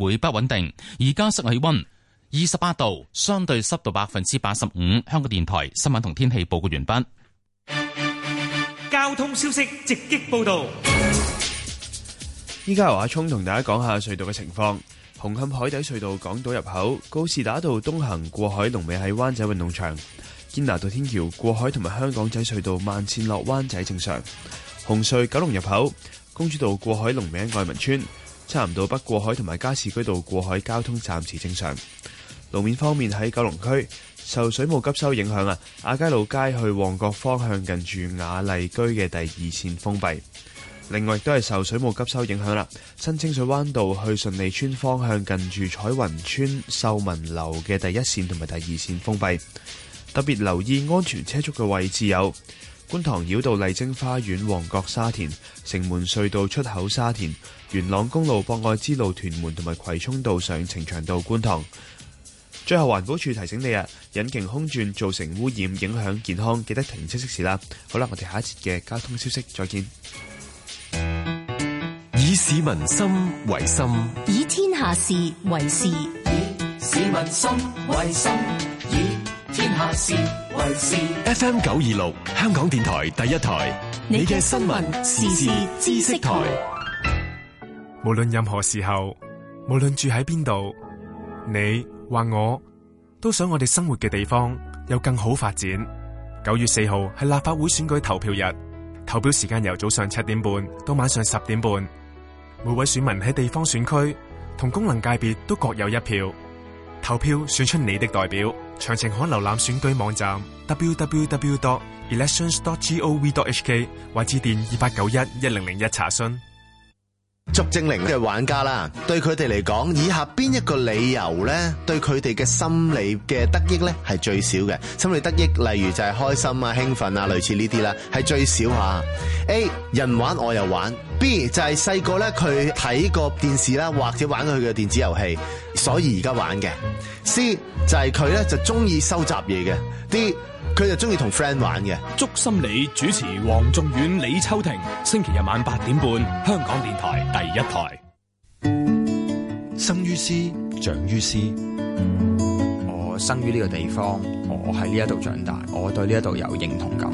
會不穩定。而家室外氣温二十八度，相對濕度百分之八十五。香港電台新聞同天氣報告完畢。交通消息直擊報道。依家由阿聰同大家講下隧道嘅情況。紅磡海底隧道港島入口、告士打道東行過海龍尾喺灣仔運動場、堅拿道天橋過海同埋香港仔隧道慢線落灣仔正常。紅隧九龍入口、公主道過海龍尾喺愛民村。差唔多北過海同埋加士居道過海交通暫時正常。路面方面喺九龍區受水務急收影響啊，亞皆老街去旺角方向近住雅麗居嘅第二線封閉。另外亦都係受水務急收影響啦，新清水灣道去順利村方向近住彩雲村秀文樓嘅第一線同埋第二線封閉。特別留意安全車速嘅位置有觀塘繞道麗晶花園、旺角沙田、城門隧道出口沙田。元朗公路、博愛之路、屯門同埋葵涌道上、呈祥道、觀塘。最後環保署提醒你啊，引擎空轉造成污染，影響健康，記得停車熄匙啦。好啦，我哋下一節嘅交通消息再見。以市民心為心，以天下事為事。以市民心為心，以天下事為事。F M 九二六，香港電台第一台，你嘅新聞時事知識台。無論任何時候，無論住喺邊度，你或我都想我哋生活嘅地方有更好發展。九月四號係立法會選舉投票日，投票時間由早上七點半到晚上十點半。每位選民喺地方選區同功能界別都各有一票，投票選出你的代表。詳情可瀏覽選舉網站 www.elections.gov.hk 或致電二八九一一零零一查詢。捉精靈嘅玩家啦，對佢哋嚟講，以下邊一個理由呢？對佢哋嘅心理嘅得益呢，係最少嘅，心理得益例如就係開心啊、興奮啊，類似呢啲啦，係最少吓。A 人玩我又玩，B 就係細個呢，佢睇過電視啦，或者玩過佢嘅電子遊戲，所以而家玩嘅。C 就係佢呢，就中意收集嘢嘅。D 佢就中意同 friend 玩嘅。祝心理主持黃仲遠、李秋婷，星期日晚八點半，香港電台第一台。生於斯，長於斯。我生於呢個地方，我喺呢一度長大，我對呢一度有認同感。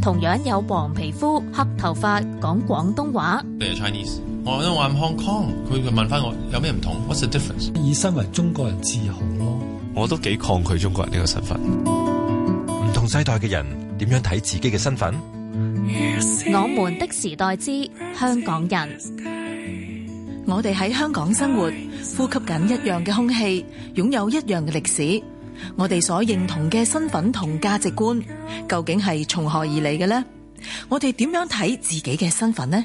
同樣有黃皮膚、黑頭髮、講廣東話。你係 Chinese，我喺度話我係 Hong Kong。佢就問翻我有咩唔同？What's the difference？以身為中國人自豪咯。我都幾抗拒中國人呢個身份。唔同世代嘅人點樣睇自己嘅身份？See, 我們的時代之,香港, see, 時代之香港人，我哋喺香港生活，呼吸緊一樣嘅空氣，擁有一樣嘅歷史。我哋所認同嘅身份同價值觀，究竟係從何而嚟嘅呢？我哋點樣睇自己嘅身份呢？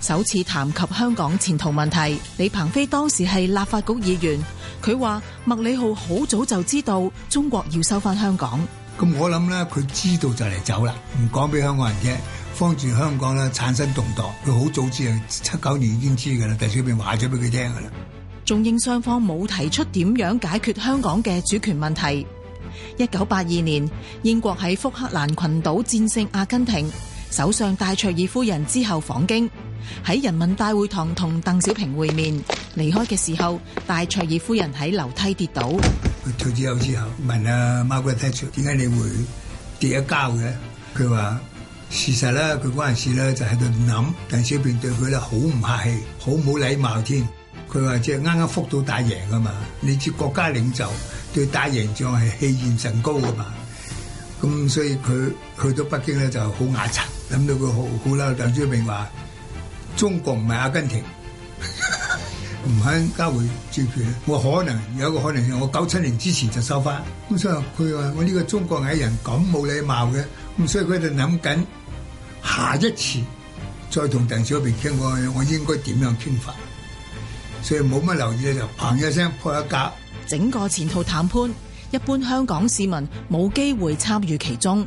首次談及香港前途問題，李鵬飛當時係立法局議員，佢話麥理浩好早就知道中國要收翻香港。咁我諗咧，佢知道就嚟走啦，唔講俾香港人聽，方住香港咧產生動蕩。佢好早知，七九年已經知噶啦，第係佢未話咗俾佢聽噶啦。中英雙方冇提出點樣解決香港嘅主權問題。一九八二年，英國喺福克蘭群島戰勝阿根廷。首相戴卓爾夫人之後訪京，喺人民大會堂同鄧小平會面。離開嘅時候，戴卓爾夫人喺樓梯跌倒。佢退咗休之後，問阿 Margaret Thatcher 點解你會跌一跤嘅？佢話事實啦，佢嗰陣時咧就喺度諗鄧小平對佢咧好唔客氣，好冇禮貌添。佢話即係啱啱復到打贏啊嘛，你做國家領袖對打贏仗係氣焰甚高啊嘛。咁所以佢去到北京咧就好眼塵。諗到佢好好啦，鄧小平話：中國唔係阿根廷，唔 肯交回主權。我可能有一個可能性，我九七年之前就收翻。咁所以佢話：我呢個中國藝人咁冇禮貌嘅。咁所以佢就諗緊下一次再同鄧小平傾，我我應該點樣傾法？所以冇乜留意就砰一聲破一格。整個前途談判，一般香港市民冇機會參與其中。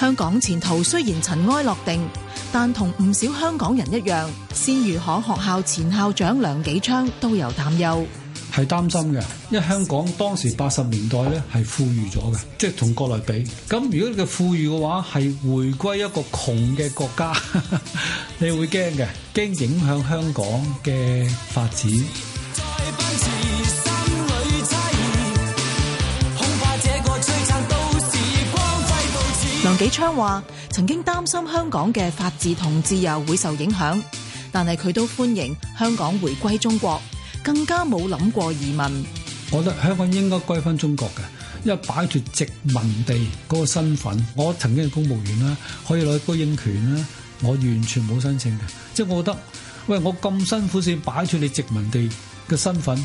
香港前途雖然塵埃落定，但同唔少香港人一樣，鮮魚行學校前校長梁紀昌都有擔憂，係擔心嘅，因為香港當時八十年代咧係富裕咗嘅，即係同國內比，咁如果你嘅富裕嘅話係回歸一個窮嘅國家， 你會驚嘅，驚影響香港嘅發展。李昌話：曾經擔心香港嘅法治同自由會受影響，但係佢都歡迎香港回歸中國，更加冇諗過移民。我覺得香港應該歸翻中國嘅，因為擺脫殖民地嗰個身份。我曾經係公務員啦，可以攞居英權啦，我完全冇申請嘅。即係我覺得，喂，我咁辛苦先擺脫你殖民地嘅身份，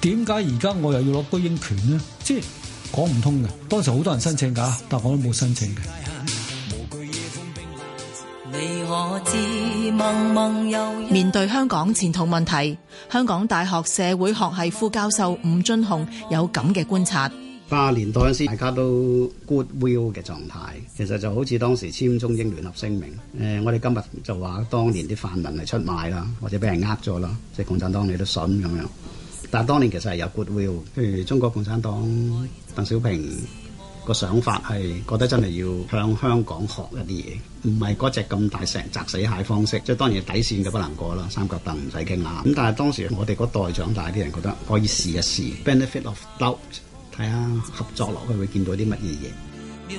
點解而家我又要攞居英權呢？即」即係。講唔通嘅，當時好多人申請噶，但我都冇申請嘅。面對香港前途問題，香港大學社會學系副教授吳俊雄有咁嘅觀察。八十年代嗰陣時，大家都 good will 嘅狀態，其實就好似當時簽中英聯合聲明。誒，我哋今日就話當年啲泛民係出賣啦，或者俾人呃咗啦，即係共產黨你都信咁樣。但係當年其實係有 good will，譬如中國共產黨鄧小平個想法係覺得真係要向香港學一啲嘢，唔係嗰隻咁大石砸死蟹方式。即係當然底線就不能過啦，三角凳唔使傾啦。咁但係當時我哋嗰代長大啲人覺得可以試一試 benefit of doubt，睇下合作落去會見到啲乜嘢嘢。妙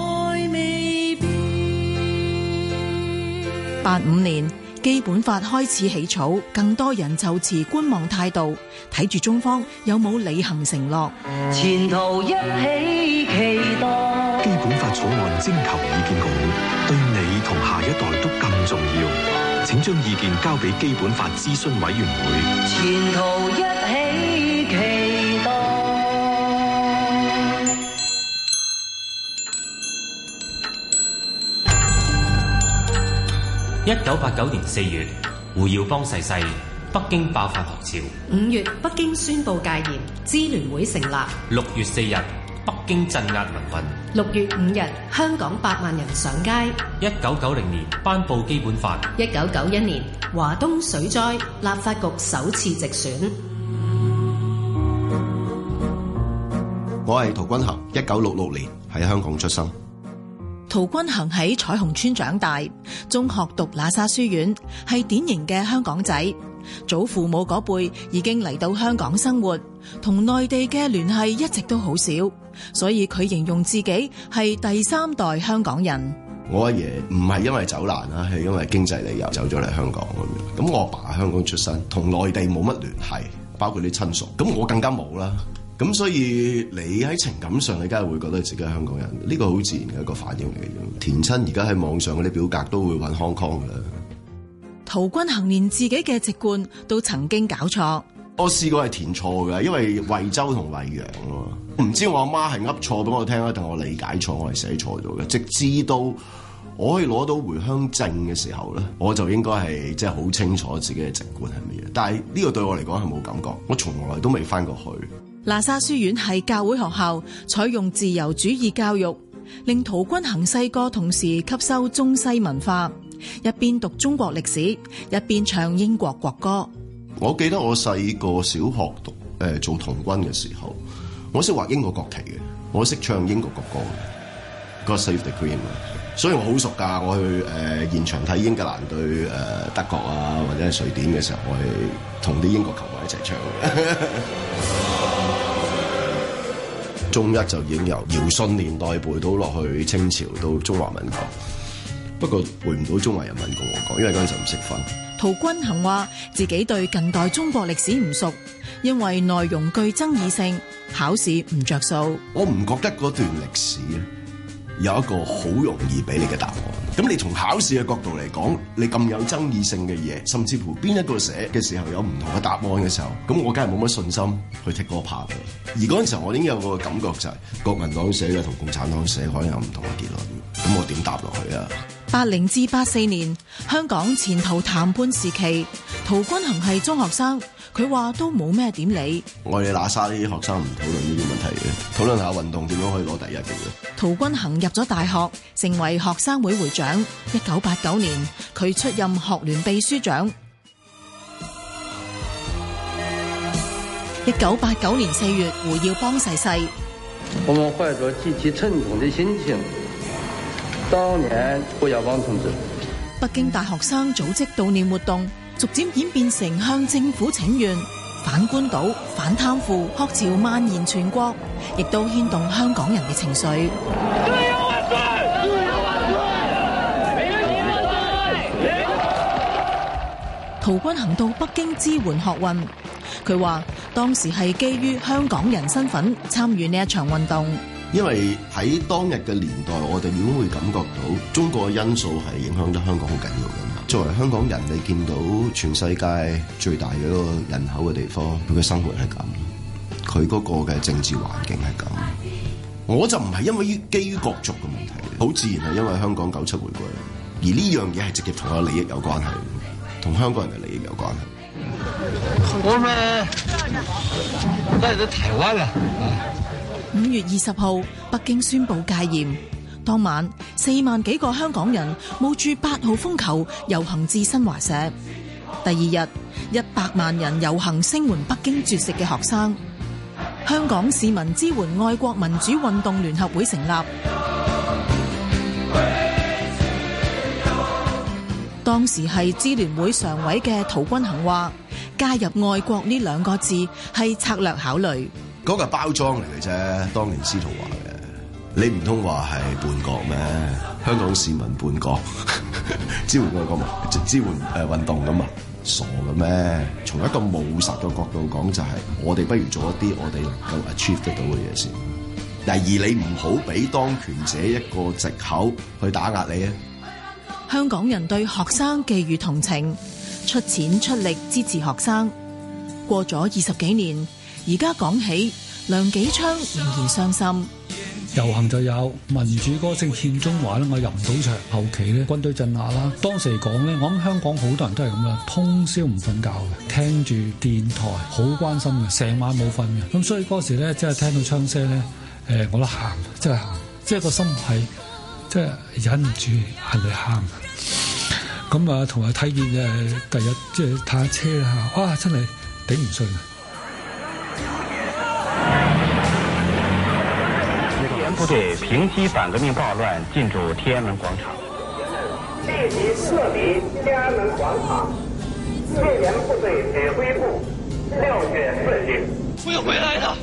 八五年基本法開始起草，更多人就持觀望態度，睇住中方有冇履行承諾。前途一起期待。基本法草案徵求意見稿，對你同下一代都更重要，請將意見交俾基本法諮詢委員會。前途一起。一九八九年四月，胡耀邦逝世，北京爆發學潮。五月，北京宣布戒嚴，支聯會成立。六月四日，北京鎮壓民運。六月五日，香港百萬人上街。一九九零年，頒布基本法。一九九一年，華東水災，立法局首次直選。我係陶君行，一九六六年喺香港出生。陶君行喺彩虹村長大，中學讀喇沙書院，係典型嘅香港仔。祖父母嗰輩已經嚟到香港生活，同內地嘅聯繫一直都好少，所以佢形容自己係第三代香港人。我阿爺唔係因為走難啦，係因為經濟理由走咗嚟香港咁樣。咁我阿爸喺香港出身，同內地冇乜聯繫，包括啲親屬，咁我更加冇啦。咁所以你喺情感上，你梗係會覺得自己係香港人。呢個好自然嘅一個反應嚟嘅。填親而家喺網上嗰啲表格都會揾 Hong Kong 㗎啦。陶君行連自己嘅籍貫都曾經搞錯，我試過係填錯嘅，因為惠州同惠陽喎。唔知我阿媽係噏錯俾我聽啊，定我理解錯，我係寫錯咗嘅。直至到我可以攞到回鄉證嘅時候咧，我就應該係即係好清楚自己嘅籍貫係乜嘢。但係呢個對我嚟講係冇感覺，我從來都未翻過去。喇沙書院係教會學校，採用自由主義教育，令陶君行細個，同時吸收中西文化，一邊讀中國歷史，一邊唱英國國歌。我記得我細個小學讀誒、呃、做童軍嘅時候，我識畫英國國旗嘅，我識唱英國國歌的，《God Save the Queen》。所以我好熟噶，我去誒、呃、現場睇英格蘭對誒、呃、德國啊，或者係瑞典嘅時候，我係同啲英國球迷一齊唱。 中一就已經由堯舜年代背到落去清朝到中華民國，不過背唔到中華人民共和國，因為嗰陣時唔識分。陶君行話：自己對近代中國歷史唔熟，因為內容具爭議性，考試唔着數。我唔覺得嗰段歷史。有一個好容易俾你嘅答案。咁你從考試嘅角度嚟講，你咁有爭議性嘅嘢，甚至乎邊一個寫嘅時候有唔同嘅答案嘅時候，咁我梗係冇乜信心去踢嗰個拍嘅。而嗰陣時候，我已經有個感覺就係、是、國民黨寫嘅同共產黨寫可能有唔同嘅結論。咁我點答落去啊？八零至八四年，香港前途談判時期，陶君衡係中學生。佢話都冇咩點理，我哋喇沙啲學生唔討論呢啲問題嘅，討論下運動點樣可以攞第一嘅。陶君行入咗大學，成為學生會會長。一九八九年，佢出任學聯秘書長。一九八九年四月，胡耀邦逝世。我們懷着極其沉痛的心情，悼念胡耀邦同志。北京大學生組織悼念活動。逐漸演變成向政府請願、反官倒、反貪腐，學潮蔓延全國，亦都牽動香港人嘅情緒。自由萬歲！自由萬歲！自由萬歲！陶君行到北京支援學運，佢話當時係基於香港人身份參與呢一場運動。因為喺當日嘅年代，我哋點會感覺到中國嘅因素係影響咗香港好緊要嘅。作為香港人，你見到全世界最大嘅一個人口嘅地方，佢嘅生活係咁，佢嗰個嘅政治環境係咁，我就唔係因為基於國族嘅問題，好自然係因為香港九七回歸，而呢樣嘢係直接同我的利益有關係，同香港人嘅利益有關係。我咩？今日去台灣啊！五月二十號，北京宣布戒嚴。當晚四萬幾個香港人冒住八號風球遊行至新華社。第二日一百萬人遊行聲援北京絕食嘅學生。香港市民支援愛國民主運動聯合會成立。當時係支聯會常委嘅陶君行話：加入愛國呢兩個字係策略考慮。嗰個係包裝嚟嘅啫，當年司徒華。你唔通話係叛國咩？香港市民叛國， 支援外國嘛？支援誒運動咁啊？傻嘅咩？從一個務實嘅角度講，就係、是、我哋不如做一啲我哋能夠 achieve 得到嘅嘢先。第二，你唔好俾當權者一個藉口去打壓你啊！香港人對學生寄予同情，出錢出力支持學生。過咗二十幾年，而家講起梁紀昌仍然傷心。遊行就有民主歌聲獻中華咧，我入唔到場。後期咧軍隊鎮壓啦。當時嚟講咧，我諗香港好多人都係咁啦，通宵唔瞓覺嘅，聽住電台好關心嘅，成晚冇瞓嘅。咁所以嗰時咧，真係聽到槍聲咧，誒我都喊，即係即係個心係即係忍唔住眼淚喊。咁啊，同埋睇見誒第日即係睇下車啦吓，哇、啊！真係頂唔順。部隊平息反革命暴亂，進駐天安門廣場，立即撤離天安門廣場。戒嚴部隊指揮部六月四日會回來的，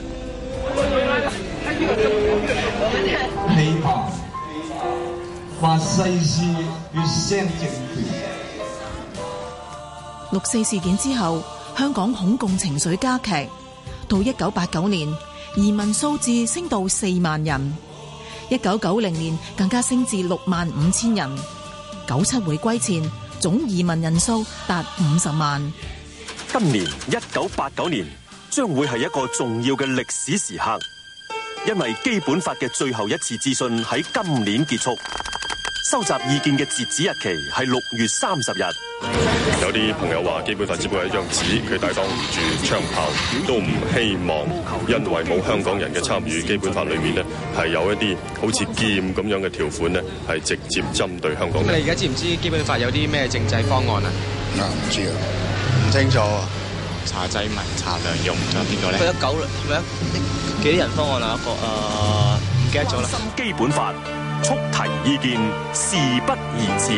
會回來的，就是。你好，你好。發誓是越聲政權。六四事件之後，香港恐共情緒加劇，到一九八九年移民數字升到四萬人。一九九零年更加升至六萬五千人，九七回歸前總移民人數達五十萬。今年一九八九年將會係一個重要嘅歷史時刻，因為基本法嘅最後一次諮詢喺今年結束。收集意見嘅截止日期係六月三十日。有啲朋友話基本法只會係一張紙，佢大擋唔住槍炮，都唔希望因為冇香港人嘅參與。基本法裏面呢係有一啲好似劍咁樣嘅條款呢係直接針對香港人。你而家知唔知基本法有啲咩政制方案啊？啊，唔知啊，唔清楚啊。查濟民、查良鏞仲有邊個咧？佢有九唔係啊？幾人方案啊？一個誒，唔、呃、記得咗啦。基本法。速提意見，事不宜遲。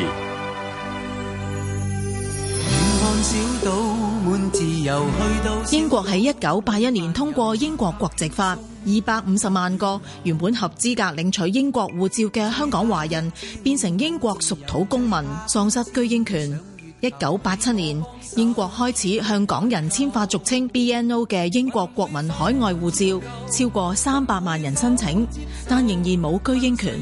英國喺一九八一年通過英國國籍法，二百五十萬個原本合資格領取英國護照嘅香港華人，變成英國屬土公民，喪失居英權。一九八七年英國開始向港人簽發俗稱 BNO 嘅英國國民海外護照超過三百萬人申請但仍然冇居英權。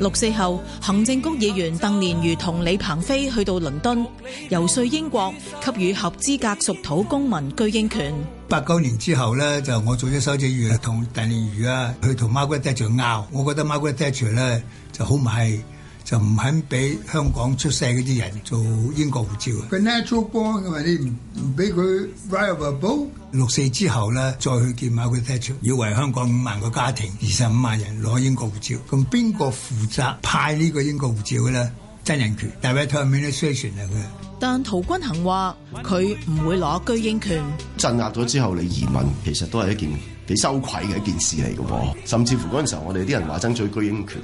六四後行政局議員鄧蓮如同李鵬飛去到倫敦游說英國給予合資格屬土公民居英權。八九年之後呢就我做咗手指俞同鄧蓮如去同 Margaret Thatcher 拗我覺得 Margaret Thatcher 呢就好唔係。就唔肯俾香港出世嗰啲人做英國護照啊！個 natural born，你唔唔俾佢 viable 六四之後咧，再去見下佢 detach 要為香港五萬個家庭、二十五萬人攞英國護照，咁邊個負責派呢個英國護照嘅咧？真人權。但係後面都衰船嚟嘅。但陶君行話：佢唔會攞居英權。鎮壓咗之後，你移民其實都係一件幾羞愧嘅一件事嚟嘅噃。甚至乎嗰陣時候，我哋啲人話爭取居英權，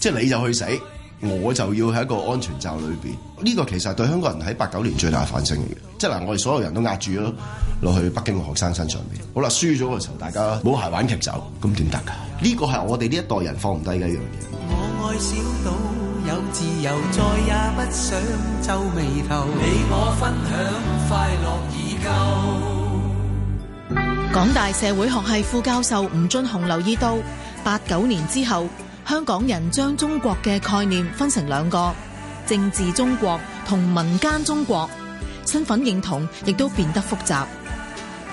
即係你就去死。我就要喺一個安全罩裏面。呢個其實對香港人喺八九年最大嘅反省，嚟嘅，即係嗱，我哋所有人都壓住咗落去北京嘅學生身上面。好啦，輸咗嘅時候，大家冇鞋玩劇走，咁點得㗎？呢、這個係我哋呢一代人放唔低嘅一樣嘢。我愛小島有自由，再也不想皺眉頭。你我分享快樂已夠。港大社會學系副教授吳俊雄留意到，八九年之後。香港人將中國嘅概念分成兩個，政治中國同民間中國，身份認同亦都變得複雜。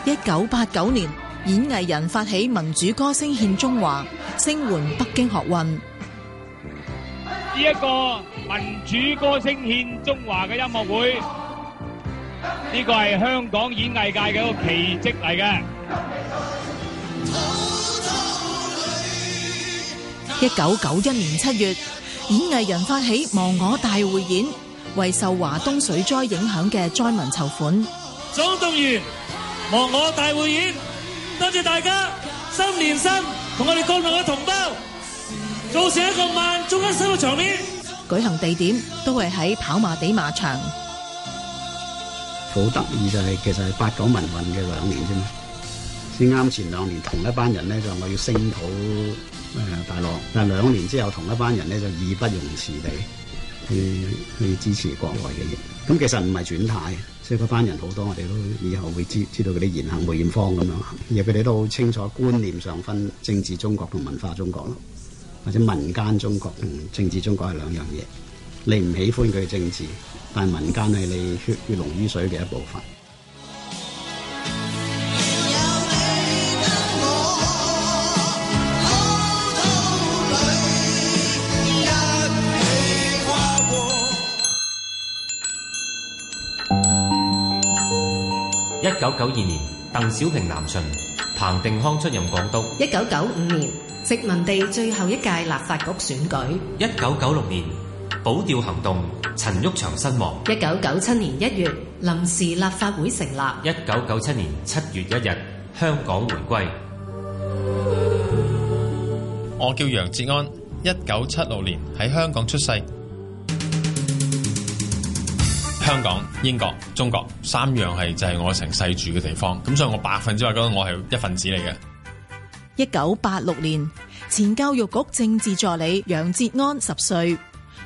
一九八九年，演藝人發起民主歌聲獻中華，聲援北京學運。呢一個民主歌聲獻中華嘅音樂會，呢個係香港演藝界嘅一個奇蹟嚟嘅。一九九一年七月，演藝人發起忘我大會演，為受華東水災影響嘅災民籌款。總動員忘我大會演，多謝大家心連心，同我哋國內嘅同胞，組成一個萬眾一心嘅場面。舉行地點都係喺跑馬地馬場。好得意就係，其實係八九民運嘅兩年啫嘛，先啱前兩年同一班人咧，就我要聲討。誒、哎，大陸，但係兩年之後，同一班人咧就義不容辭地去、嗯、去支持國內嘅嘢。咁、嗯、其實唔係轉態，所以嗰班人好多，我哋都以後會知知道嗰啲言行梅艷芳咁樣。而佢哋都好清楚觀念上分政治中國同文化中國咯，或者民間中國同、嗯、政治中國係兩樣嘢。你唔喜歡佢嘅政治，但係民間係你血血濃於水嘅一部分。一九九二年，鄧小平南巡，彭定康出任港督。一九九五年，殖民地最後一屆立法局選舉。一九九六年，保釣行動，陳玉祥身亡。一九九七年一月，臨時立法會成立。一九九七年七月一日，香港回歸。我叫楊哲安，一九七六年喺香港出世。香港、英國、中國三樣係就係、是、我成世住嘅地方，咁所以我百分之百覺得我係一份子嚟嘅。一九八六年，前教育局政治助理楊哲安十歲，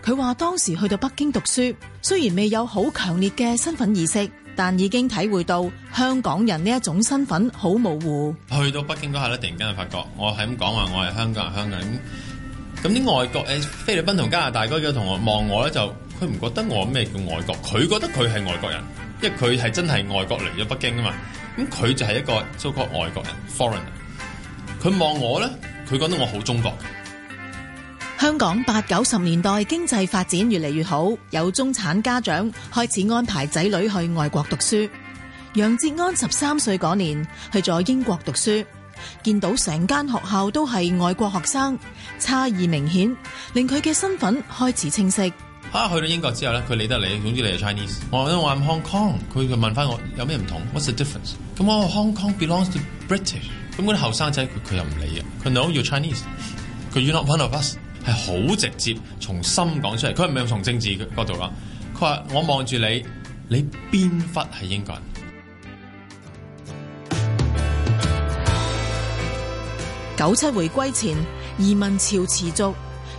佢話當時去到北京讀書，雖然未有好強烈嘅身份意識，但已經體會到香港人呢一種身份好模糊。去到北京嗰下咧，突然間就發覺，我係咁講話，我係香港人，香港咁，咁啲外國誒菲律賓同加拿大嗰啲同學望我咧就。佢唔覺得我咩叫外國，佢覺得佢係外國人，因為佢係真係外國嚟咗北京啊嘛。咁佢就係一個 so-called 外國人 foreigner。佢望我呢，佢覺得我好中國。香港八九十年代經濟發展越嚟越好，有中產家長開始安排仔女去外國讀書。楊哲安十三歲嗰年去咗英國讀書，見到成間學校都係外國學生，差異明顯，令佢嘅身份開始清晰。嚇、啊、去到英國之後咧，佢理得你，總之你係 Chinese。我喺度話 Hong Kong，佢就問翻我有咩唔同？What's the difference？咁我話 Hong Kong belongs to British 那那。咁嗰啲後生仔佢佢又唔理嘅，佢 No, you Chinese。佢 You're not One of us 係好直接從心講出嚟，佢唔係從政治嘅角度講。佢話我望住你，你邊忽係英國人？九七回歸前移民潮持續。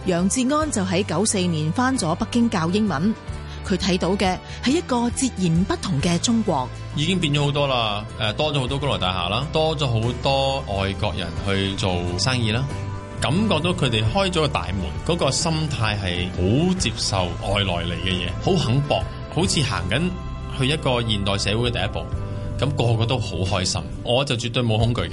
楊志安就喺九四年翻咗北京教英文，佢睇到嘅係一個截然不同嘅中國，已經變咗好多啦。誒，多咗好多高樓大廈啦，多咗好多外國人去做生意啦，感覺到佢哋開咗個大門，嗰個心態係好接受外來嚟嘅嘢，好肯搏，好似行緊去一個現代社會嘅第一步。咁個個都好開心，我就絕對冇恐懼嘅。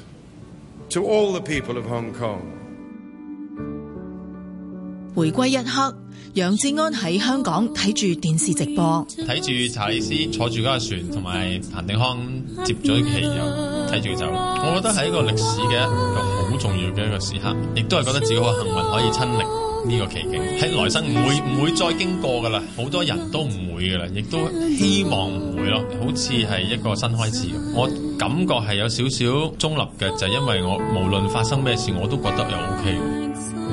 To all the people of Hong Kong. 回歸一刻，楊志安喺香港睇住電視直播，睇住查理斯坐住架船，同埋彭定康接咗啲汽油，睇住走。我覺得係一個歷史嘅一個好重要嘅一個時刻，亦都係覺得自己好幸運可以親歷。呢、這個奇景喺來生唔會唔會再經過噶啦，好多人都唔會噶啦，亦都希望唔會咯。好似係一個新開始，我感覺係有少少中立嘅，就係、是、因為我無論發生咩事，我都覺得又 OK。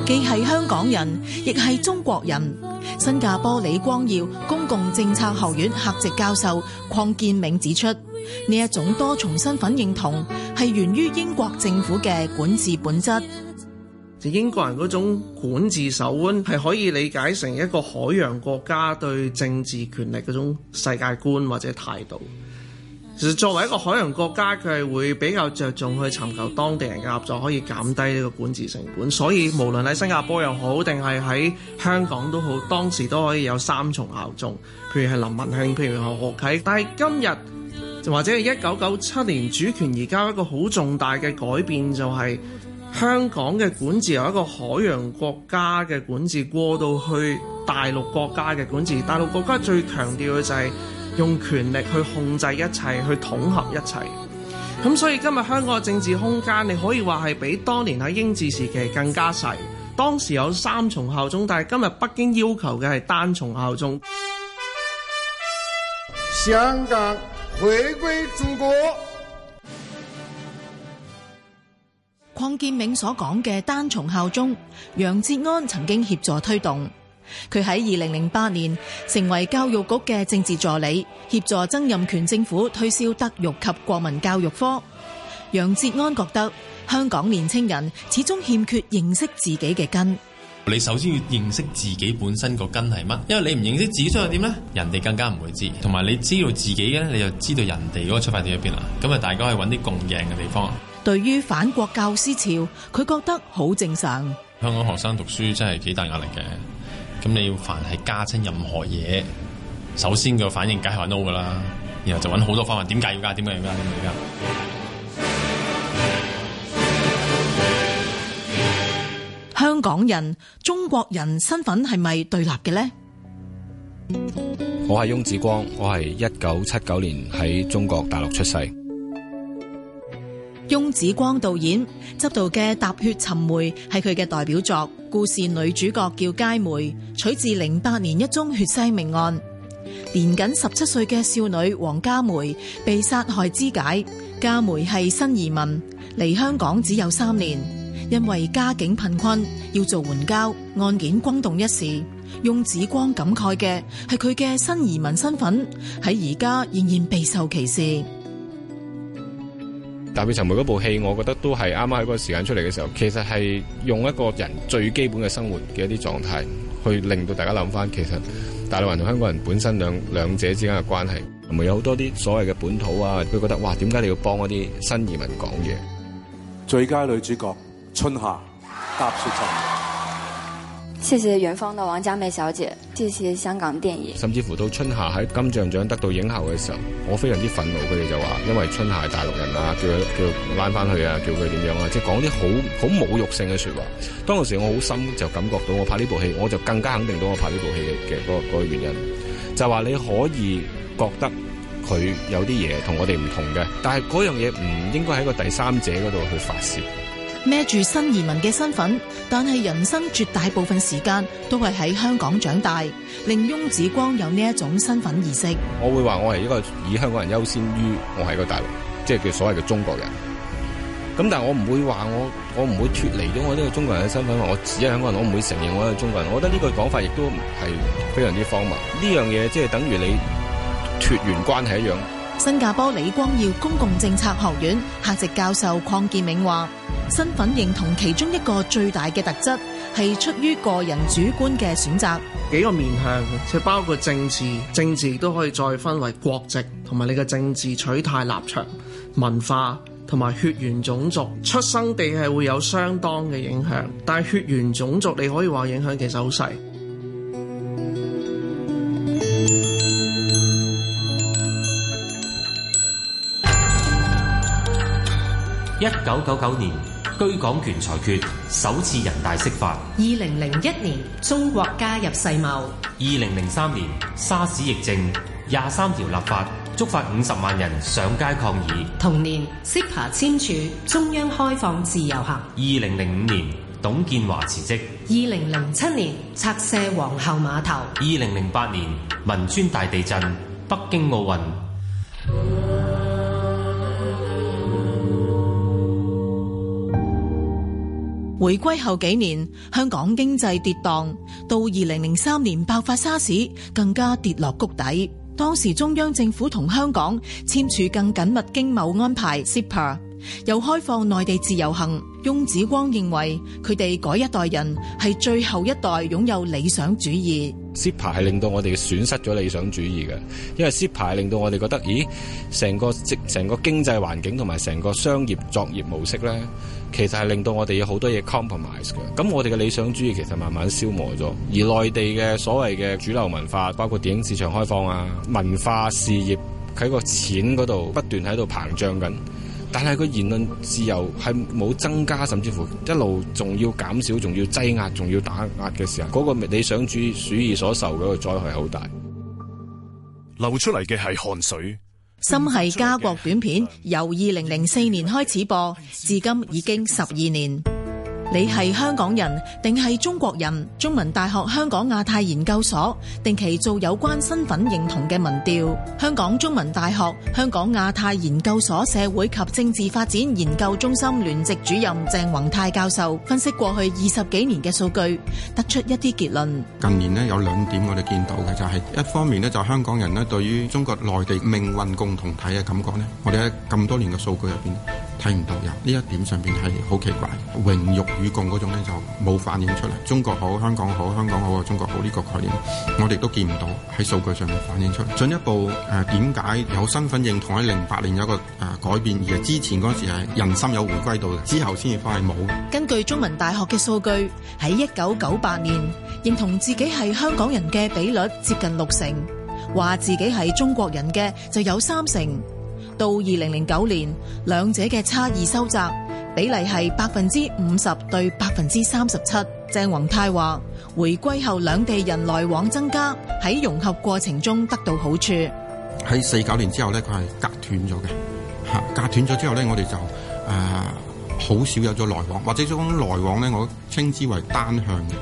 既係香港人，亦係中國人。新加坡李光耀公共政策學院客席教授鄺建明指出，呢一種多重身份認同係源於英國政府嘅管治本質。就英國人嗰種管治手腕係可以理解成一個海洋國家對政治權力嗰種世界觀或者態度。其實作為一個海洋國家，佢係會比較着重去尋求當地人嘅合作，可以減低呢個管治成本。所以無論喺新加坡又好，定係喺香港都好，當時都可以有三重效證。譬如係林文慶，譬如係何啟。但係今日或者係一九九七年主權，而家一個好重大嘅改變就係、是。香港嘅管治由一個海洋國家嘅管治，過到去大陸國家嘅管治。大陸國家最強調嘅就係用權力去控制一切，去統合一切。咁所以今日香港嘅政治空間，你可以話係比當年喺英治時期更加細。當時有三重效忠，但係今日北京要求嘅係單重效忠。香港回歸祖國。鄺建明所講嘅單從效忠，楊哲安曾經協助推動。佢喺二零零八年成為教育局嘅政治助理，協助曾蔭權政府推銷德育及國民教育科。楊哲安覺得香港年青人始終欠缺認識自己嘅根。你首先要認識自己本身個根係乜，因為你唔認識自己，出去點咧，人哋更加唔會知。同埋你知道自己咧，你就知道人哋嗰個出發點喺邊啦。咁啊，大家可以揾啲共贏嘅地方。對於反國教師潮，佢覺得好正常。香港學生讀書真係幾大壓力嘅，咁你要凡係加增任何嘢，首先嘅反應梗係 no 噶啦，然後就揾好多方案，點解要加？點解要加？點解要加？香港人、中國人身份係咪對立嘅呢？我係翁子光，我係一九七九年喺中國大陸出世。翁子光導演執導嘅《踏血尋梅》係佢嘅代表作，故事女主角叫佳梅，取自零八年一宗血腥命案。年僅十七歲嘅少女黃嘉梅被殺害肢解，佳梅係新移民嚟香港只有三年，因為家境貧困要做援交，案件轟動一時。翁子光感慨嘅係佢嘅新移民身份喺而家仍然備受歧視。《踏遍塵梅》嗰部戲，我覺得都係啱啱喺嗰個時間出嚟嘅時候，其實係用一個人最基本嘅生活嘅一啲狀態，去令到大家諗翻，其實大陸人同香港人本身兩兩者之間嘅關係，咪有好多啲所謂嘅本土啊，佢覺得哇，點解你要幫一啲新移民講嘢？最佳女主角春夏踏雪塵。謝謝遠方的王家媚小姐，謝謝香港電影。甚至乎到春夏喺金像獎得到影后嘅時候，我非常之憤怒，佢哋就話，因為春夏係大陸人啊，叫佢叫佢翻去啊，叫佢點樣啊，即係講啲好好侮辱性嘅說話。當陣時我好深就感覺到，我拍呢部戲，我就更加肯定到我拍呢部戲嘅嗰個、嗰個原因，就話你可以覺得佢有啲嘢同我哋唔同嘅，但係嗰樣嘢唔應該喺個第三者嗰度去發洩。孭住新移民嘅身份，但係人生絕大部分時間都係喺香港長大，令翁子光有呢一種身份意識。我會話我係一個以香港人優先於我係一個大陸，即係叫所謂嘅中國人。咁但係我唔會話我我唔會脱離咗我呢個中國人嘅身份，話我只係香港人，我唔會承認我係中國人。我覺得呢個講法亦都係非常之荒謬。呢樣嘢即係等於你脱離關係一樣。新加坡李光耀公共政策學院客席教授鄺建銘話：身份認同其中一個最大嘅特質係出於個人主觀嘅選擇，幾個面向嘅，即係包括政治，政治都可以再分為國籍同埋你嘅政治取態立場、文化同埋血緣種族，出生地係會有相當嘅影響，但係血緣種族你可以話影響其實好細。 一九九九年居港權裁決，首次人大釋法；二零零一年中國加入世貿；二零零三年沙士疫症，廿三條立法，觸發五十萬人上街抗議；同年釋爬簽署中央開放自由行；二零零五年董建華辭職；二零零七年拆卸皇后碼頭；二零零八年汶川大地震，北京奧運。回歸後幾年，香港經濟跌宕，到二零零三年爆發沙士，更加跌落谷底。當時中央政府同香港簽署更緊密經貿安排 CEPA，又開放內地自由行。翁子光認為，佢哋嗰一代人係最後一代擁有理想主義。撕牌令到我哋損失咗理想主義嘅，因為撕牌令到我哋覺得，咦，成個成個經濟環境同埋成個商業作業模式呢，其實係令到我哋有好多嘢 compromise 嘅。咁我哋嘅理想主義其實慢慢消磨咗，而內地嘅所謂嘅主流文化，包括電影市場開放啊，文化事業喺個錢嗰度不斷喺度膨脹緊。但係個言論自由係冇增加，甚至乎一路仲要減少，仲要擠壓，仲要打壓嘅時候，嗰、那個理想主義所受嗰個災害好大。流出嚟嘅係汗水。心係家國短片由二零零四年開始播，至今已經十二年。你係香港人定係中國人？中文大學香港亞太研究所定期做有關身份認同嘅民調。香港中文大學香港亞太研究所社會及政治發展研究中心聯席主任鄭宏泰教授分析過去二十幾年嘅數據，得出一啲結論。近年咧有兩點我哋見到嘅就係一方面咧，就係香港人咧對於中國內地命運共同體嘅感覺咧，我哋喺咁多年嘅數據入邊。睇唔到入呢一點上面係好奇怪，榮辱與共嗰種咧就冇反映出嚟，中國好，香港好，香港好啊，中國好呢個概念，我哋都見唔到喺數據上面反映出嚟。進一步誒點解有身份認同喺零八年有一個、呃、改變，而係之前嗰時係人心有回歸到嘅，之後先至翻去冇。根據中文大學嘅數據，喺一九九八年認同自己係香港人嘅比率接近六成，話自己係中國人嘅就有三成。到二零零九年，兩者嘅差異收窄，比例係百分之五十對百分之三十七。鄭宏泰話：回歸後兩地人來往增加，喺融合過程中得到好處。喺四九年之後咧，佢係隔斷咗嘅，吓隔斷咗之後咧，我哋就誒好、呃、少有咗來往，或者種來往咧，我稱之為單向嘅。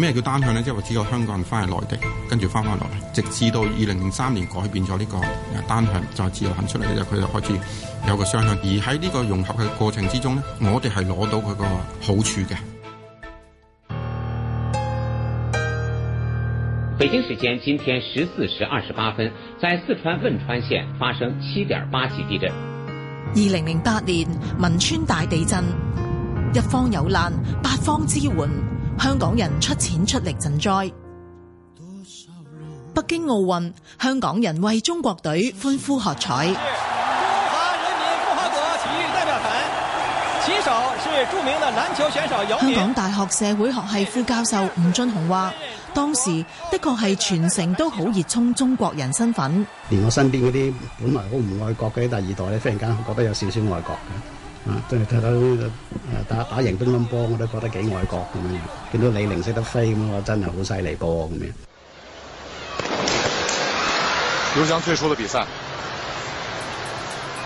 咩叫單向呢？即係話只有香港人翻去內地，跟住翻返落嚟，直至到二零零三年改變咗呢個單向，再自由行出嚟嘅就佢就開始有個雙向。而喺呢個融合嘅過程之中呢，我哋係攞到佢個好處嘅。北京時間今天十四時二十八分，在四川汶川縣發生七點八級地震。二零零八年汶川大地震，一方有難，八方支援。香港人出錢出力賑災。北京奧運，香港人為中國隊歡呼喝彩。中華人民共和國體育代表團旗手是著名的籃球選手。香港大學社會學系副教授吳俊雄話：當時的確係全城都好熱衷中國人身份，連我身邊嗰啲本來好唔愛國嘅第二代咧，忽然間覺得有少少愛國嘅。啊！真係睇到打打贏乒乓波，我都覺得幾愛國咁樣。見到李寧識得飛咁，我真係好犀利波咁樣。劉翔退出咗比賽。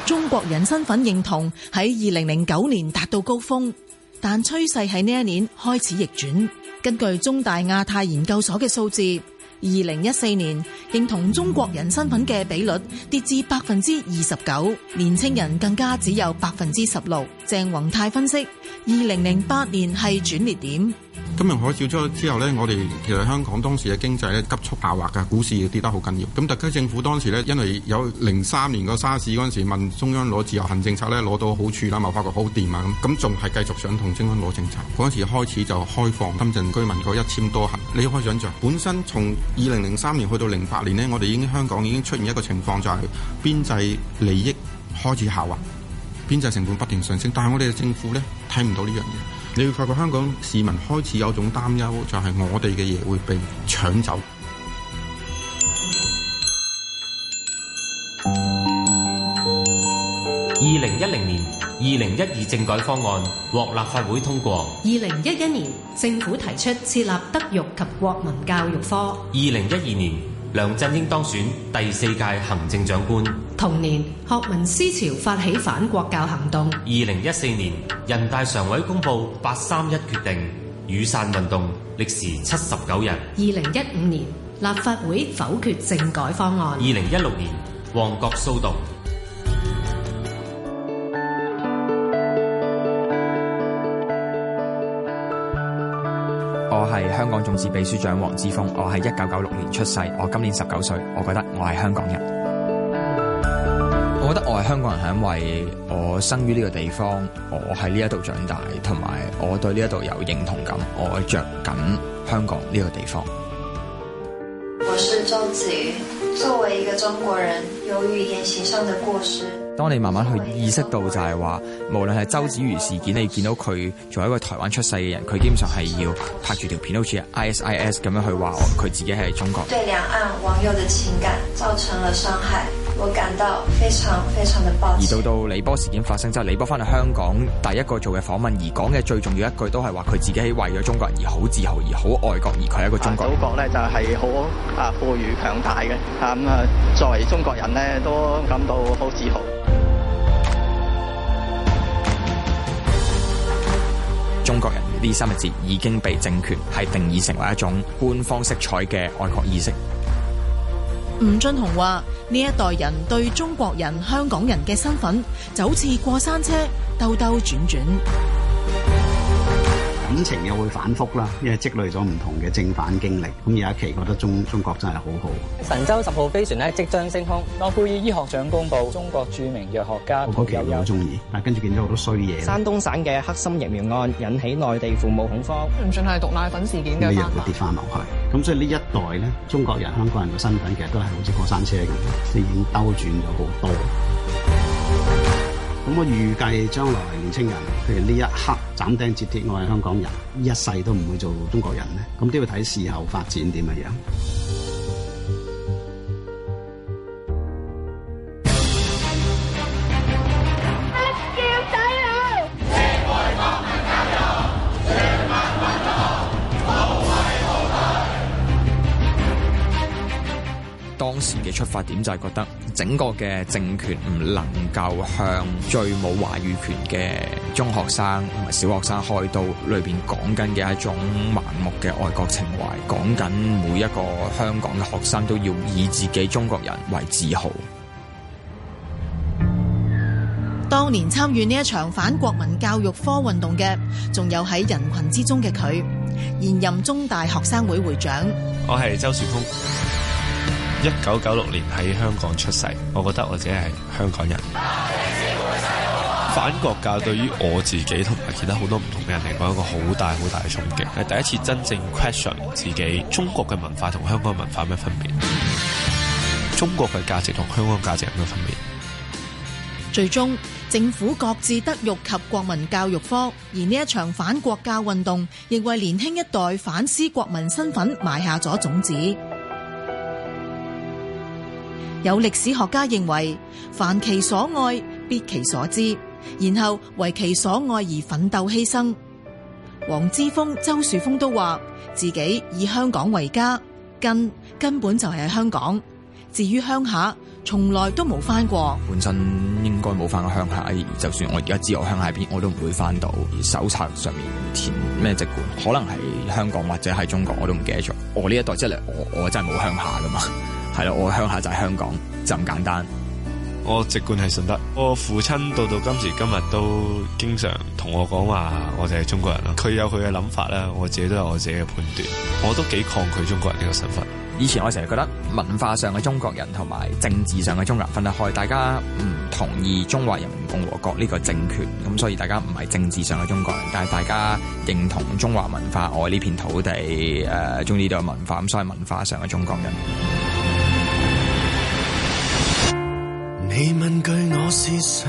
中國人身份認同喺二零零九年達到高峰，但趨勢喺呢一年開始逆轉。根據中大亞太研究所嘅數字。二零一四年，認同中國人身份嘅比率跌至百分之二十九，年輕人更加只有百分之十六。鄭宏泰分析，二零零八年係轉捩點。金融海嘯咗之後呢，我哋其實香港當時嘅經濟呢急速下滑嘅，股市跌得好緊要。咁特區政府當時呢，因為有零三年個沙士嗰陣時問中央攞自由行政策呢，攞到好處啦，冇發覺好掂啊，咁，仲係繼續想同中央攞政策。嗰陣時開始就開放深圳居民個一簽多行，你可以想象，本身從二零零三年去到零八年呢，我哋已經香港已經出現一個情況，就係邊際利益開始下滑，邊際成本不斷上升，但係我哋嘅政府呢，睇唔到呢樣嘢。你會發覺香港市民開始有種擔憂，就係我哋嘅嘢會被搶走。二零一零年，二零一二政改方案獲立法會通過。二零一一年，政府提出設立德育及國民教育科。二零一二年。梁振英當選第四屆行政長官。同年，學民思潮發起反國教行動。二零一四年，人大常委公布八三一決定，雨傘運動歷時七十九日。二零一五年，立法會否決政改方案。二零一六年，旺角騷動。香港眾志秘書長黃之鋒。我係一九九六年出世，我今年十九歲，我覺得我係香港人，我覺得我係香港人係因為我生於呢個地方，我喺呢一度長大，同埋我對呢一度有認同感，我着緊香港呢個地方。我是周子瑜，作為一個中國人，由於言行上的過失。當你慢慢去意識到，就係話，無論係周子瑜事件，你見到佢作為一個台灣出世嘅人，佢基本上係要拍住條片，好似 ISIS 咁樣去話佢自己係中國。對兩岸網友的情感造成了傷害，我感到非常非常的抱歉。而到到李波事件發生之後，李波翻到香港第一個做嘅訪問，而講嘅最重要一句都係話佢自己係為咗中國人而好自豪，而好愛國，而佢係一個中國。祖國咧就係好啊富裕強大嘅，咁啊作為中國人咧都感到好自豪。中國人呢三個字已經被政權係定義成為一種官方色彩嘅愛國意識。吳俊雄話：呢一代人對中國人、香港人嘅身份就好似過山車，兜兜轉轉。感情又會反覆啦，因為積累咗唔同嘅正反經歷。咁有一期覺得中中國真係好好。神舟十號飛船咧即將升空，諾貝爾醫學獎公布，中國著名藥學家。我其實有中意，但係跟住變咗好多衰嘢。山東省嘅黑心疫苗案引起內地父母恐慌。唔算係毒奶粉事件嘅壓力。每日會跌翻落去，咁所以呢一代咧，中國人、香港人嘅身份其實都係好似過山車咁，即已經兜轉咗好多。咁我預計將來年輕人，譬如呢一刻斬釘截鐵，我係香港人，一世都唔會做中國人呢。咁都要睇事後發展點乜嘢。嘅出發點就係、是、覺得整個嘅政權唔能夠向最冇話語權嘅中學生同埋小學生開刀。裏邊講緊嘅一種盲目嘅愛國情懷，講緊每一個香港嘅學生都要以自己中國人為自豪。當年參與呢一場反國民教育科運動嘅，仲有喺人群之中嘅佢，現任中大學生會會長，我係周竪峰。一九九六年喺香港出世，我覺得我自己係香港人。反國教對於我自己同埋其他好多唔同嘅人嚟講，有一個好大好大嘅衝擊，係第一次真正 question 自己中國嘅文化同香港嘅文化有咩分別，中國嘅價值同香港價值有咩分別。最終政府擱置德育及國民教育科，而呢一場反國教運動，亦為年輕一代反思國民身份埋下咗種子。有歷史學家認為，凡其所愛，必其所知，然後為其所愛而奮鬥犧牲。黃之鋒、周樹峰都話自己以香港為家根，根本就係喺香港。至於鄉下，從來都冇翻過。本身應該冇翻到鄉下，就算我而家知道我鄉下邊，我都唔會翻到。手冊上面填咩籍貫，可能係香港或者係中國，我都唔記得咗。我呢一代真係我，我真係冇鄉下噶嘛。係啦，我鄉下就係香港，就咁簡單。我籍貫係順德，我父親到到今時今日都經常同我講話，我哋係中國人啦。佢有佢嘅諗法啦，我自己都有我自己嘅判斷。我都幾抗拒中國人呢個身份。以前我成日覺得文化上嘅中國人同埋政治上嘅中國人分得開，大家唔同意中華人民共和國呢個政權，咁所以大家唔係政治上嘅中國人，但係大家認同中華文化，愛呢片土地，誒中意呢度嘅文化，咁所以文化上嘅中國人。你問句「我是誰？」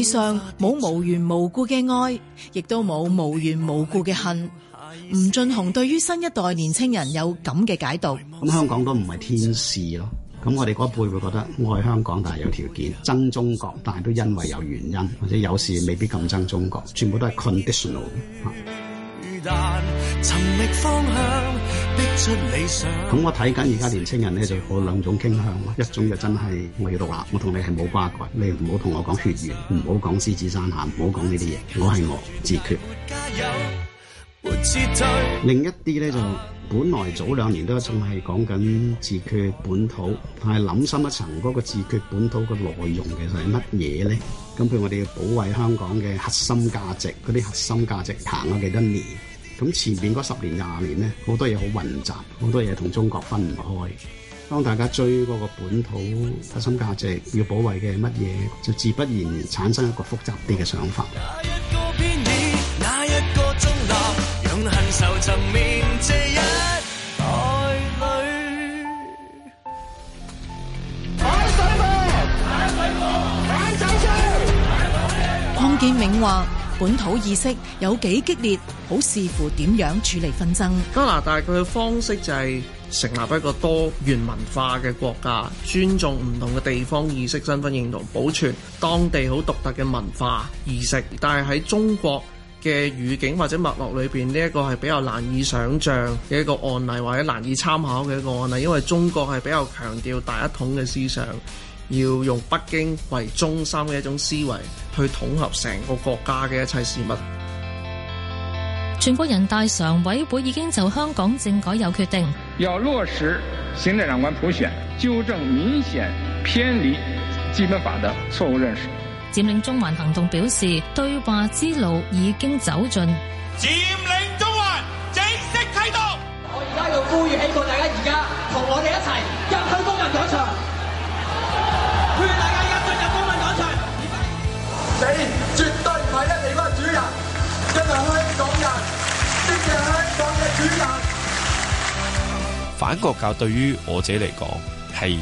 世上冇無緣無故嘅愛，亦都冇無緣無故嘅恨。吳俊雄對於新一代年青人有咁嘅解讀。咁香港都唔係天使咯。咁我哋嗰一輩會覺得愛香港，但係有條件憎中國，但係都因為有原因，或者有時未必咁憎中國，全部都係 conditional 是。覓方向，逼出理想。咁我睇緊而家年青人咧，就有兩種傾向咯。一種就是真係我要獨立，我同你係冇瓜葛，你唔好同我講血緣，唔好講獅子山下，唔好講呢啲嘢。我係我自決。另一啲咧就本來早兩年都仲係講緊自決本土，但係諗深一層嗰、那個自決本土個內容其實係乜嘢咧？咁譬如我哋要保衛香港嘅核心價值，嗰啲核心價值，心價值行咗幾多年？咁前面嗰十年廿年咧，好多嘢好混雜，好多嘢同中國分唔開。當大家追嗰個本土核心價值要保衛嘅乜嘢，就自不然產生一個複雜啲嘅想法。抗、啊、建明話。本土意識有幾激烈，好視乎點樣處理紛爭。加拿大佢嘅方式就係成立一個多元文化嘅國家，尊重唔同嘅地方意識、身份認同，保存當地好獨特嘅文化意識。但係喺中國嘅語境或者脈絡裏面，呢一個係比較難以想像嘅一個案例，或者難以參考嘅一個案例，因為中國係比較強調大一統嘅思想。要用北京為中心嘅一種思維去統合成個國家嘅一切事物。全國人大常委會已經就香港政改有決定。要落實行政長官普選，糾正明顯偏離基本法嘅錯誤認識，佔領中環行動表示對話之路已經走盡。佔領中環正式啟動。我而家要呼籲，希望大家而家同我哋一齊入去公民黨。你絕對唔係一地方嘅主人，一係香港人，一個香港嘅主人。反國教對於我自己嚟講，係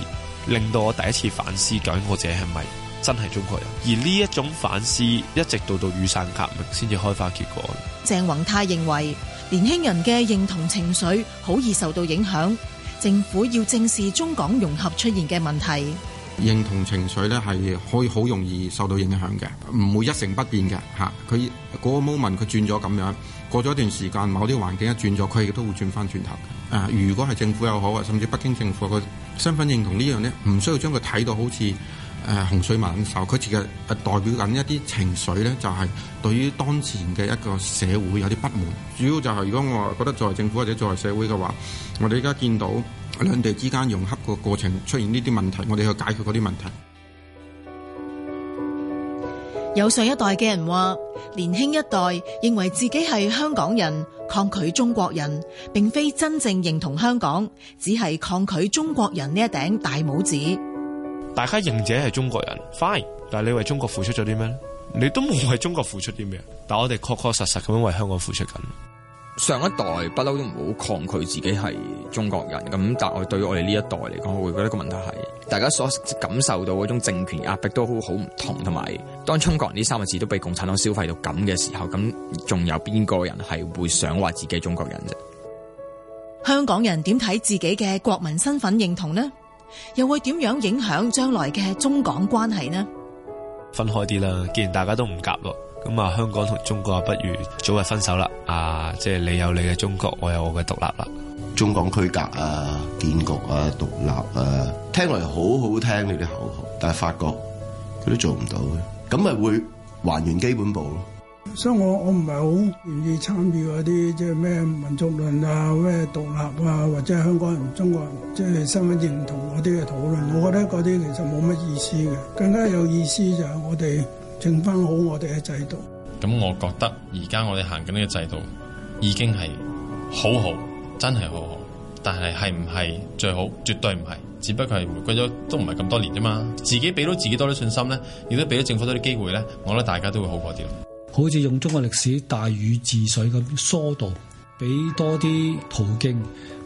令到我第一次反思緊，我自己係咪真係中國人？而呢一種反思，一直到到雨傘革命，先至開花結果。鄭宏泰認為年輕人嘅認同情緒好易受到影響，政府要正視中港融合出現嘅問題。認同情緒咧係可以好容易受到影響嘅，唔會一成不變嘅嚇。佢嗰個 moment 佢轉咗咁樣，過咗一段時間，某啲環境一轉咗，佢都會轉翻轉頭。啊、呃，如果係政府又好啊，甚至北京政府個身份認同呢樣咧，唔需要將佢睇到好似誒洪水猛獸，佢自己係代表緊一啲情緒咧，就係對於當前嘅一個社會有啲不滿。主要就係如果我覺得作為政府或者作為社會嘅話，我哋而家見到。兩地之間融合個過程出現呢啲問題，我哋去解決嗰啲問題。有上一代嘅人話，年輕一代認為自己係香港人，抗拒中國人，並非真正認同香港，只係抗拒中國人呢一頂大帽子。大家認者係中國人，fine，但係你為中國付出咗啲咩？你都冇為中國付出啲咩，但係我哋確確實實咁樣為香港付出緊。上一代不嬲都唔好抗拒自己係中國人，咁但係對於我哋呢一代嚟講，我會覺得個問題係大家所感受到嗰種政權壓迫都好好唔同，同埋當中國人呢三個字都被共產黨消費到咁嘅時候，咁仲有邊個人係會想話自己係中國人啫？香港人點睇自己嘅國民身份認同呢？又會點樣影響將來嘅中港關係呢？分開啲啦，既然大家都唔夾咯。咁啊，香港同中國不如早日分手啦！啊，即係你有你嘅中國，我有我嘅獨立啦。中港區隔啊，建局啊，獨立啊，聽落好好聽呢啲口號，但係發覺佢都做唔到嘅，咁咪會還原基本步咯。所以我我唔係好願意參與嗰啲即係咩民族論啊、咩獨立啊，或者香港人、中國人即係身份認同嗰啲嘅討論。我覺得嗰啲其實冇乜意思嘅，更加有意思就係我哋。整翻好我哋嘅制度，咁我覺得而家我哋行緊呢個制度已經係好好，真係好好。但係，係唔係最好？絕對唔係。只不過係回歸咗都唔係咁多年啫嘛。自己俾到自己多啲信心咧，亦都俾咗政府多啲機會咧。我覺得大家都會好過啲。好似用中國歷史大禹治水咁疏導，俾多啲途徑。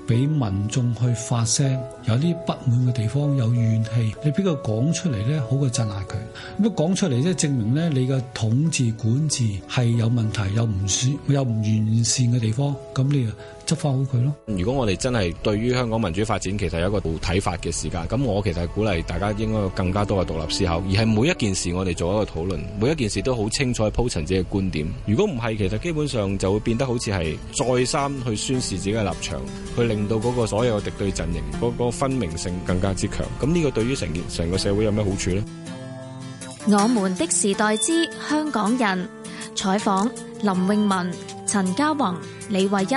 俾民眾去發聲，有啲不滿嘅地方，有怨氣，你邊個講出嚟咧，好過鎮壓佢。咁講講出嚟咧，證明咧你嘅統治管治係有問題，有唔舒，有唔完善嘅地方，咁你啊。如果我哋真係對於香港民主發展，其實有一個好睇法嘅時間，咁我其實鼓勵大家應該有更加多嘅獨立思考。而係每一件事我哋做一個討論，每一件事都好清楚鋪陳自己嘅觀點。如果唔係，其實基本上就會變得好似係再三去宣示自己嘅立場，去令到嗰個所有的敵對陣營嗰個分明性更加之強。咁呢個對於成件成個社會有咩好處呢？我們的時代之香港人採訪林詠文、陳嘉宏、李慧欣。